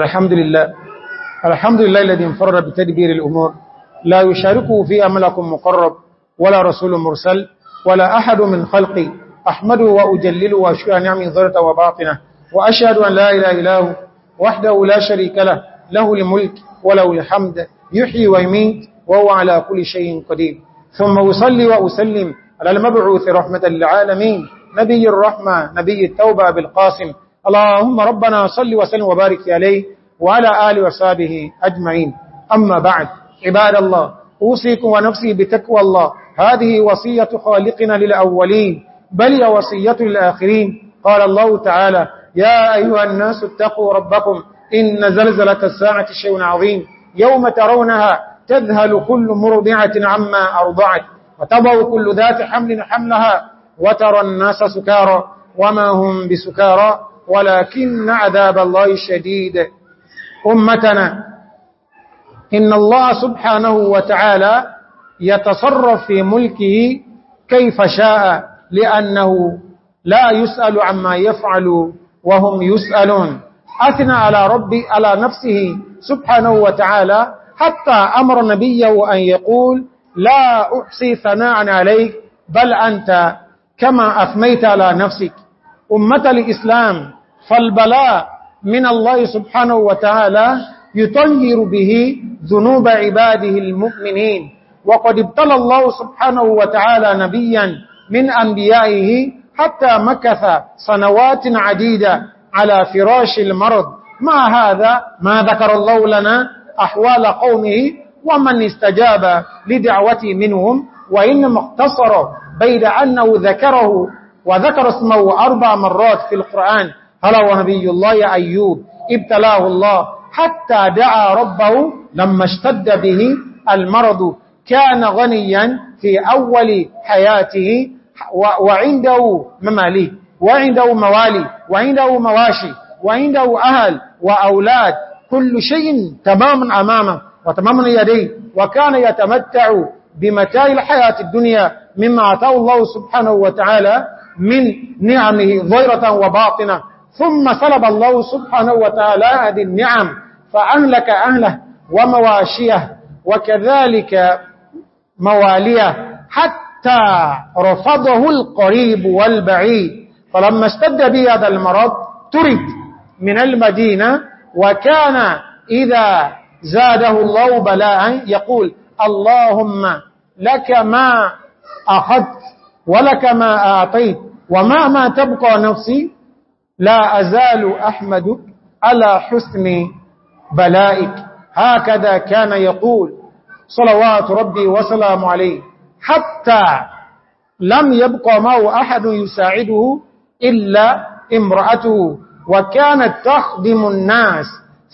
[SPEAKER 1] alhamdulillah alhamdulillah alladhi infarada bi tadbir al-umur la yushariku fi amalakun muqarrab wala rasulun mursal wala ahadun min khalqi ahmadu wa ujallilu wa shukra ni'mi zahirata wa batina wa ashhadu an la ilaha illa huwa wahdahu la sharika lahu lahu al-mulk wa lahu al-hamd يحيي ويميت وهو على كل شيء قدير ثم أصلي وأسلم على المبعوث رحمة للعالمين نبي الرحمة نبي التوبة بالقاسم اللهم ربنا صل وسلم وبارك عليه وعلى آل وصابه أجمعين أما بعد عباد الله أوصيكم ونفسي بتكوى الله هذه وصية خالقنا للأولين بل وصية للآخرين قال الله تعالى يا أيها الناس اتقوا ربكم إن زلزلة الساعة شيء عظيم يوم ترونها تذهل كل مرضعة عما أرضعت وتضع كل ذات حمل حملها وترى الناس سكارى وما هم بسكارى ولكن عذاب الله شديد أمتنا إن الله سبحانه وتعالى يتصرف في ملكه كيف شاء لأنه لا يسأل عما يفعل وهم يسألون أثنى على ربي على نفسه سبحانه وتعالى حتى أمر نبيه أن يقول لا أحصي ثناء عليك بل أنت كما أثميت على نفسك أمة الإسلام فالبلاء من الله سبحانه وتعالى يطير به ذنوب عباده المؤمنين وقد ابتلى الله سبحانه وتعالى نبيا من أنبيائه حتى مكث سنوات عديدة على فراش المرض ما هذا ما ذكر الله لنا أحوال قومه ومن استجاب لدعوته منهم وإنما اقتصر بيد أنه ذكره وذكر اسمه أربع مرات في القرآن هلا ونبي الله أيوب ابتلاه الله حتى دعا ربه لما اشتد به المرض كان غنيا في أول حياته وعنده مماليه وعنده موالي وعنده مواشي وعنده أهل وأولاد كل شيء تمام أمامه وتمام يديه وكان يتمتع بمتاع الحياة الدنيا مما أتاه الله سبحانه وتعالى من نعمه ظيرة وباطنة ثم سلب الله سبحانه وتعالى هذه النعم فأملك أهله ومواشيه وكذلك مواليه حتى رفضه القريب والبعيد فلما اشتد به هذا المرض ترد من المدينة وكان إذا زاده الله بلاء يقول اللهم لك ما أخذت ولك ما أعطيت وما ما تبقى نفسي لا أزال أحمدك على حسن بلائك هكذا كان يقول صلوات ربي وسلام عليه حتى لم يبقى معه أحد يساعده إلا امرأته وكانت تخدم الناس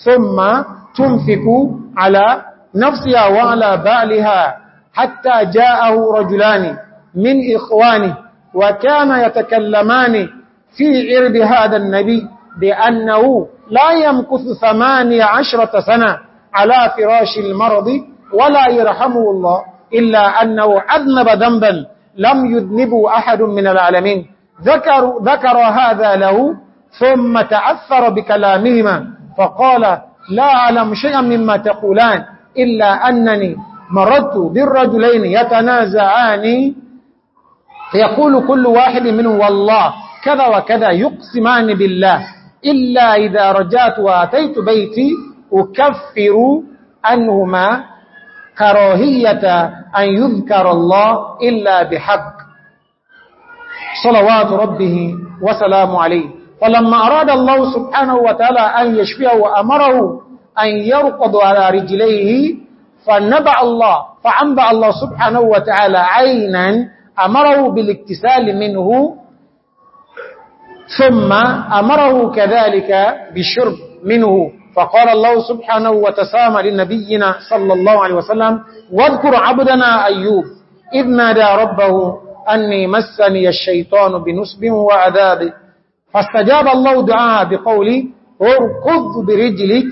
[SPEAKER 1] ثم تنفق على نفسها وعلى بالها حتى جاءه رجلان من إخوانه وكان يتكلمان في عرب هذا النبي بأنه لا يمكث ثماني عشرة سنة على فراش المرض ولا يرحمه الله إلا أنه أذنب ذنبا لم يذنبه أحد من العالمين ذكر, ذكر هذا له ثم تعثر بكلامهما فقال لا أعلم شيئا مما تقولان إلا أنني مرضت بالرجلين يتنازعان فيقول كل واحد منه والله كذا وكذا يقسمان بالله إلا إذا رجعت وأتيت بيتي أكفر أنهما كراهية أن يذكر الله إلا بحق صلوات ربه وسلام عليه فلما أراد الله سبحانه وتعالى أن يشفيه وأمره أن يرقض على رجليه فنبع الله فعنبع الله سبحانه وتعالى عينا أمره بالاكتسال منه ثم أمره كذلك بالشرب منه فقال الله سبحانه وتسامى لنبينا صلى الله عليه وسلم واذكر عبدنا أيوب إذ نادى ربه أني مسني الشيطان بنسب وعذاب فاستجاب الله دعاها بقولي اركض برجلك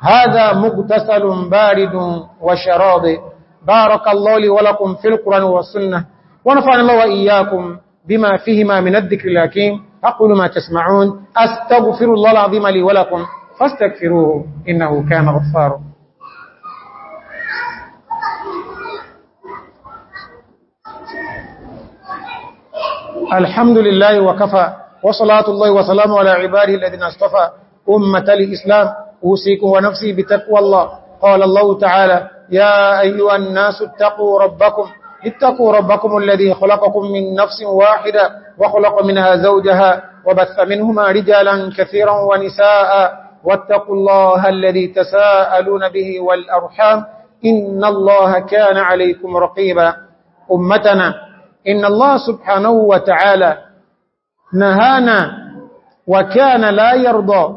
[SPEAKER 1] هذا مغتسل بارد وشراب بارك الله لي ولكم في القرآن والسنة ونفعنا الله وإياكم بما فيهما من الذكر الأكيم أقول ما تسمعون أستغفر الله العظيم لي ولكم فاستغفروه إنه كان غفار الحمد لله وكفى وصلاة الله وسلامه على عباده الذين اصطفى أمة الإسلام أوسيكم ونفسي بتقوى الله قال الله تعالى يا أيها الناس اتقوا ربكم اتقوا ربكم الذي خلقكم من نفس واحدة وخلق منها زوجها وبث منهما رجالا كثيرا ونساء واتقوا الله الذي تساءلون به والأرحام إن الله كان عليكم رقيبا أمتنا إن الله سبحانه وتعالى نهانا وكان لا يرضى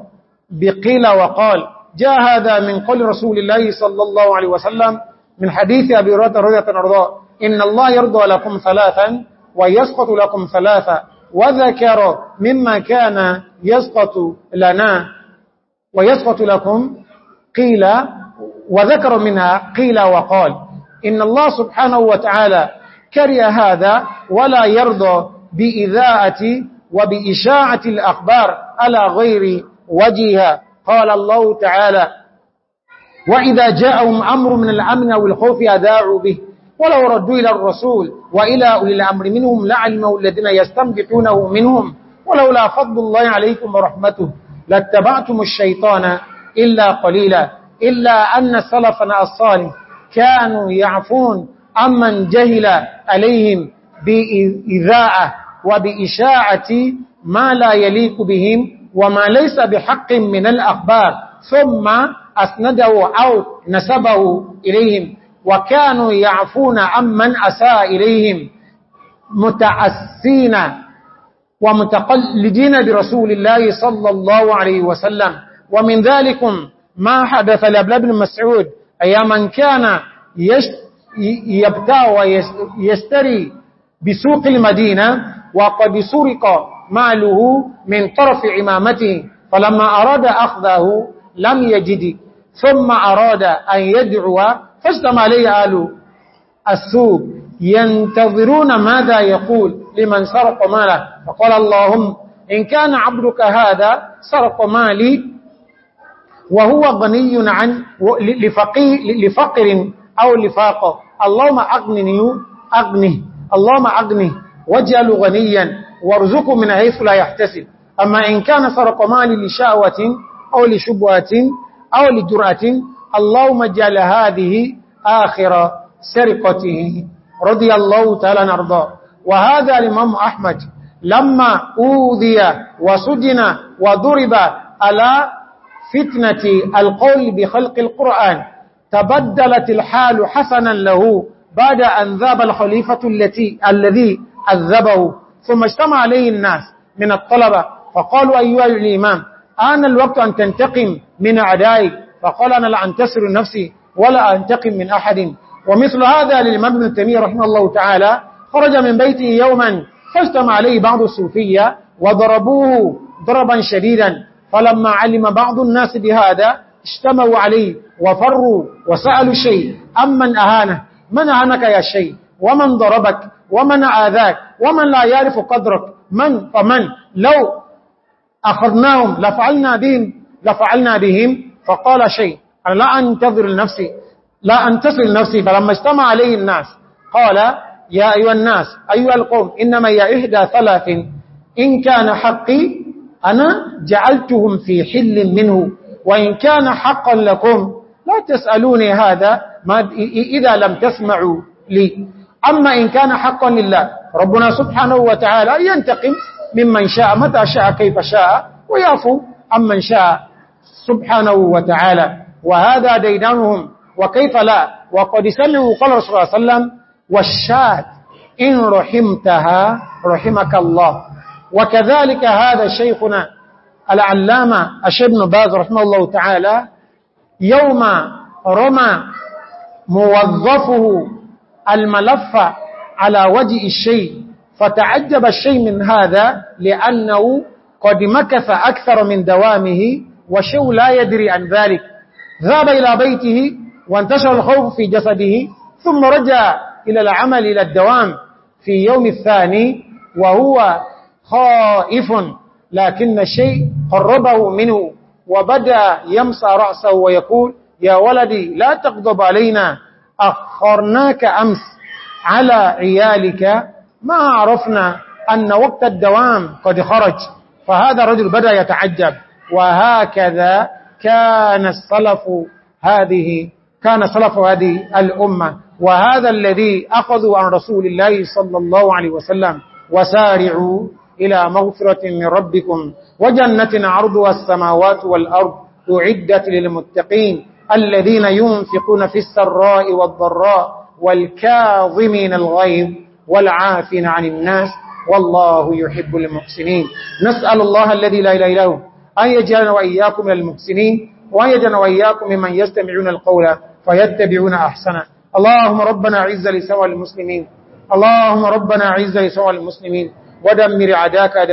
[SPEAKER 1] بقيل وقال جاء هذا من قول رسول الله صلى الله عليه وسلم من حديث أبي رضية أرضاء إن الله يرضى لكم ثلاثا ويسقط لكم ثلاثا وذكر مما كان يسقط لنا ويسقط لكم قيل وذكر منها قيل وقال إن الله سبحانه وتعالى كره هذا ولا يرضى بإذاءة وبإشاعة الأخبار على غير وجهها قال الله تعالى وإذا جاءهم أمر من الأمن والخوف أذاعوا به ولو ردوا إلى الرسول وإلى أولي الأمر منهم لعلموا الذين يستنبطونه منهم ولولا فضل الله عليكم ورحمته لاتبعتم الشيطان إلا قليلا إلا أن سلفنا الصالح كانوا يعفون عمن جهل عليهم بإذاءة وبإشاعة ما لا يليق بهم وما ليس بحق من الأخبار ثم أسنده أو نسبه إليهم وكانوا يعفون عمن أساء إليهم متعسين ومتقلدين برسول الله صلى الله عليه وسلم ومن ذلك ما حدث لابل بن مسعود أي من كان يبتاع ويشتري بسوق المدينة وقد سرق ماله من طرف عمامته فلما أراد أخذه لم يجد ثم أراد أن يدعو فاجتمع عليه آل السوب ينتظرون ماذا يقول لمن سرق ماله فقال اللهم إن كان عبدك هذا سرق مالي وهو غني عن لفقر أو لفاق اللهم أغنني أغنه اللهم أغنه واجعله غنيا وارزقه من حيث لا يحتسب أما إن كان سرق مالي لشاوة أو لشبهة أو لجرأة اللهم اجعل هذه آخر سرقته رضي الله تعالى نرضى وهذا الإمام أحمد لما أوذي وسجن وضرب على فتنة القول بخلق القرآن تبدلت الحال حسنا له بعد أن ذاب الخليفة التي الذي عذبه ثم اجتمع عليه الناس من الطلبة فقالوا أيها الإمام آن الوقت أن تنتقم من أعدائك فقال أنا لا أنتصر نفسي ولا أنتقم من أحد ومثل هذا للإمام ابن تيمية رحمه الله تعالى خرج من بيته يوما فاجتمع عليه بعض الصوفية وضربوه ضربا شديدا فلما علم بعض الناس بهذا اجتمعوا عليه وفروا وسألوا شيء أمن أهانه من أهانك يا شيء ومن ضربك ومن آذاك ومن لا يعرف قدرك من فمن لو أخذناهم لفعلنا بهم لفعلنا بهم فقال شيء أنا لا أنتظر لنفسي لا أنتصل لنفسي فلما اجتمع عليه الناس قال يا أيها الناس أيها القوم إنما يا إحدى ثلاث إن كان حقي أنا جعلتهم في حل منه وإن كان حقا لكم لا تسألوني هذا ما إذا لم تسمعوا لي أما إن كان حقا لله ربنا سبحانه وتعالى ينتقم ممن شاء متى شاء كيف شاء ويعفو عمن شاء سبحانه وتعالى وهذا ديدانهم وكيف لا وقد سلوا قال رسول الله صلى الله عليه وسلم والشاة إن رحمتها رحمك الله وكذلك هذا شيخنا العلامة أشبن باز رحمه الله تعالى يوم رمى موظفه الملف على وجه الشيء فتعجب الشيء من هذا لأنه قد مكث أكثر من دوامه وشو لا يدري عن ذلك ذهب إلى بيته وانتشر الخوف في جسده ثم رجع إلى العمل إلى الدوام في يوم الثاني وهو خائف لكن الشيء قربه منه وبدأ يمسى رأسه ويقول يا ولدي لا تغضب علينا أخرناك أمس على عيالك ما عرفنا أن وقت الدوام قد خرج فهذا الرجل بدأ يتعجب وهكذا كان السلف هذه كان سلف هذه الأمة وهذا الذي أخذوا عن رسول الله صلى الله عليه وسلم وسارعوا إلى مغفرة من ربكم وجنة عرضها السماوات والأرض أعدت للمتقين الذين ينفقون في السراء والضراء والكاظمين الغيظ والعافين عن الناس والله يحب المحسنين نسأل الله الذي لا إله إلا هو أن يجعلنا وإياكم من المحسنين وأن يجعلنا وإياكم ممن يستمعون القول فيتبعون أحسنه اللهم ربنا عز لسوى المسلمين اللهم ربنا عز لسوى المسلمين ودمر عداك